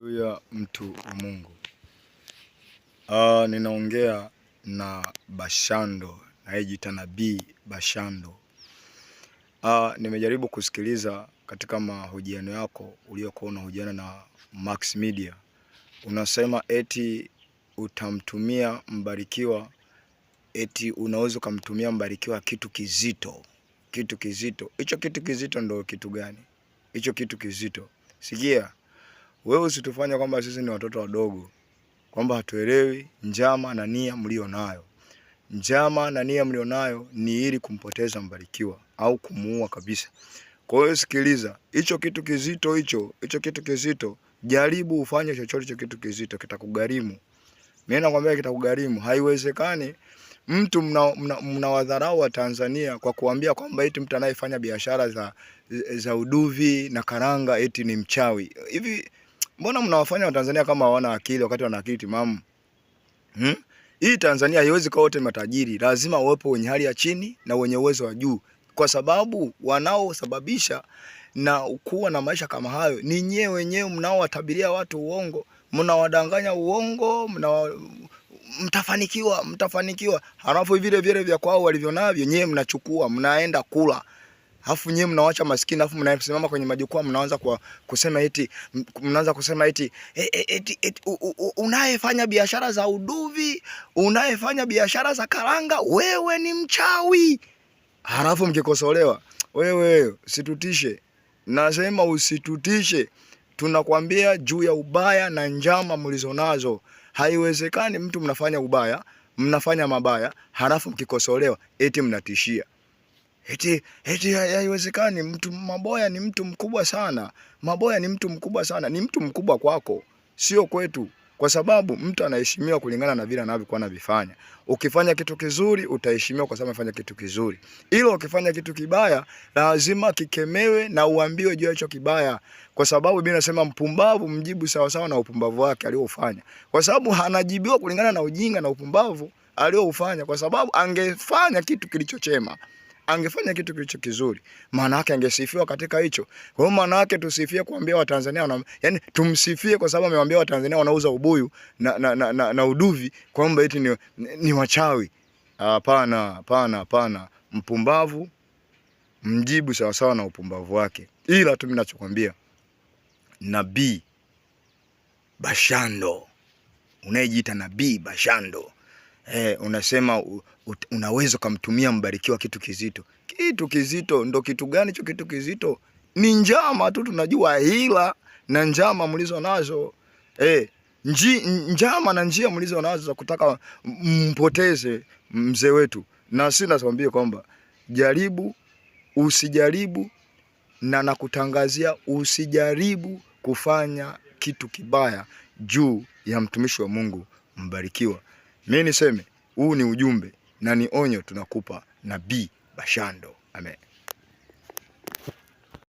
Juu ya mtu wa Mungu. Uh, ninaongea na Bashando nayejiita nabii Bashando. Uh, nimejaribu kusikiliza katika mahojiano yako uliokuwa unahojiana na Max Media, unasema eti utamtumia Mbarikiwa, eti unaweza ukamtumia Mbarikiwa kitu kizito, kitu kizito. Hicho kitu kizito ndo kitu gani? Hicho kitu kizito, sikia wewe usitufanya kwamba sisi ni watoto wadogo, kwamba hatuelewi njama na nia mlio nayo. Njama na nia mlio nayo ni ili kumpoteza Mbarikiwa au kumuua kabisa. Kwa hiyo sikiliza, hicho kitu kizito hicho, hicho kitu kizito, jaribu ufanye chochote hicho kitu kizito, kitakugharimu. Mimi nakwambia kitakugharimu. Haiwezekani mtu mnawadharau mna, mna wa Tanzania kwa kuambia kwamba eti mtu anayefanya biashara za za uduvi na karanga eti ni mchawi hivi Mbona mnawafanya Watanzania kama hawana akili wakati wana akili timamu? Hmm? Hii Tanzania haiwezi kuwa wote matajiri, lazima uwepo wenye hali ya chini na wenye uwezo wa juu, kwa sababu wanaosababisha na kuwa na maisha kama hayo ni nyewe wenyewe mnaowatabiria watu uongo, mnawadanganya uongo, mna mtafanikiwa, mtafanikiwa, halafu vile vile vya kwao walivyo navyo nyewe mnachukua, mnaenda kula. Alafu nyewe mnawacha maskini, alafu mnasimama kwenye majukwaa mnaanza kwa kusema eti mnaanza kusema eti, e, e, eti, eti, eti unayefanya biashara za uduvi, unayefanya biashara za karanga, wewe ni mchawi. Halafu mkikosolewa, wewe usitutishe. Nasema usitutishe. Tunakwambia juu ya ubaya na njama mlizonazo. Haiwezekani mtu mnafanya ubaya, mnafanya mabaya, halafu mkikosolewa eti mnatishia. Eti eti haiwezekani. Mtu Maboya ni mtu mkubwa sana, Maboya ni mtu mkubwa sana. Ni mtu mkubwa kwako, sio kwetu, kwa sababu mtu anaheshimiwa kulingana na vile anavyokuwa anavifanya. Ukifanya kitu kizuri utaheshimiwa kwa sababu amefanya kitu kizuri, ila ukifanya kitu kibaya lazima kikemewe na uambiwe juu ya hicho kibaya, kwa sababu mimi nasema mpumbavu mjibu sawa sawa na upumbavu wake aliofanya, kwa sababu anajibiwa kulingana na ujinga na upumbavu aliofanya, kwa sababu angefanya kitu kilichochema angefanya kitu kilicho kizuri, maana yake angesifiwa katika hicho. Kwa hiyo maana yake tusifie kuambia Watanzania wana, yani tumsifie kwa sababu amewaambia Watanzania wanauza ubuyu na, na, na, na, na uduvi kwamba eti ni, ni, wachawi. Hapana, hapana, hapana. Mpumbavu mjibu sawasawa na upumbavu wake, ila tu ninachokwambia Nabii Bashando unayejiita Nabii Bashando eh, unasema unaweza ukamtumia Mbarikiwa kitu kizito. Kitu kizito ndo kitu gani? Cho kitu kizito ni njama tu, tunajua hila na njama mlizo nazo eh, nji, njama na njia mlizo nazo za kutaka mpoteze mzee wetu, na si nasambie kwamba jaribu usijaribu, na nakutangazia usijaribu kufanya kitu kibaya juu ya mtumishi wa Mungu Mbarikiwa. Mimi niseme huu ni ujumbe na ni onyo tunakupa Nabii Bashando. Amen.